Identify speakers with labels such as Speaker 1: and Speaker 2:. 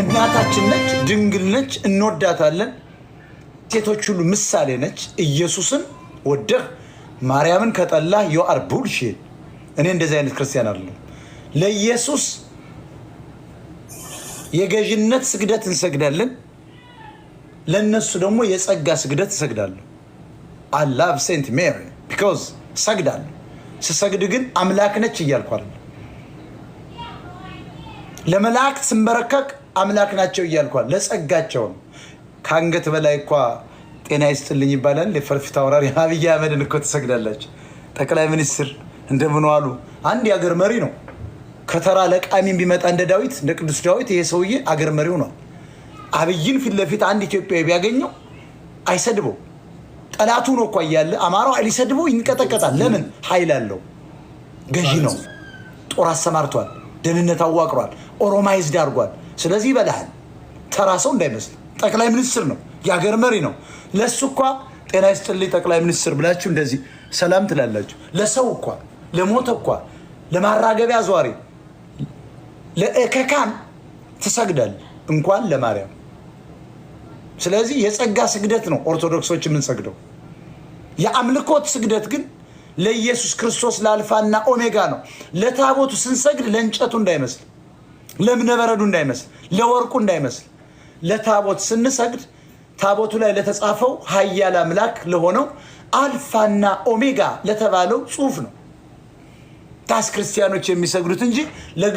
Speaker 1: እናታችን ነች፣ ድንግል ነች፣ እንወዳታለን። ሴቶች ሁሉ ምሳሌ ነች። ኢየሱስን ወደህ ማርያምን ከጠላ የአር ቡልሽ። እኔ እንደዚህ አይነት ክርስቲያን አለ ለኢየሱስ የገዥነት ስግደት እንሰግዳለን። ለእነሱ ደግሞ የጸጋ ስግደት እሰግዳለሁ። አላቭ ሴንት ሜሪ ቢኮዝ እሰግዳለሁ። ስሰግድ ግን አምላክ ነች እያልኳለ ለመላእክት ስንበረከቅ አምላክ ናቸው እያልኳል። ለጸጋቸው ነው። ከአንገት በላይ እኳ ጤና ይስጥልኝ ይባላል። የፈርፊት አውራሪ አብይ አህመድን እኮ ትሰግዳላችሁ። ጠቅላይ ሚኒስትር እንደምን ዋሉ? አንድ የአገር መሪ ነው። ከተራ ለቃሚን ቢመጣ እንደ ዳዊት እንደ ቅዱስ ዳዊት ይሄ ሰውዬ አገር መሪው ነው። አብይን ፊት ለፊት አንድ ኢትዮጵያዊ ቢያገኘው አይሰድበው። ጠላቱ ነው እኳ እያለ አማራው ሊሰድበው ይንቀጠቀጣል። ለምን? ኃይል አለው። ገዢ ነው። ጦር አሰማርቷል። ደህንነት አዋቅሯል። ኦሮማይዝድ አድርጓል። ስለዚህ ይበላሃል። ተራ ሰው እንዳይመስል ጠቅላይ ሚኒስትር ነው፣ የሀገር መሪ ነው። ለሱ እኳ ጤና ይስጥልኝ ጠቅላይ ሚኒስትር ብላችሁ እንደዚህ ሰላም ትላላችሁ። ለሰው እኳ ለሞተ እኳ ለማራገቢያ ዘዋሪ ለእከካም ትሰግዳል እንኳን ለማርያም። ስለዚህ የጸጋ ስግደት ነው ኦርቶዶክሶች የምንሰግደው። የአምልኮት ስግደት ግን ለኢየሱስ ክርስቶስ ለአልፋና ኦሜጋ ነው። ለታቦቱ ስንሰግድ ለእንጨቱ እንዳይመስል ለእብነ በረዱ እንዳይመስል፣ ለወርቁ እንዳይመስል። ለታቦት ስንሰግድ ታቦቱ ላይ ለተጻፈው ኃያል አምላክ ለሆነው አልፋና ኦሜጋ ለተባለው ጽሑፍ ነው ታስ ክርስቲያኖች የሚሰግዱት እንጂ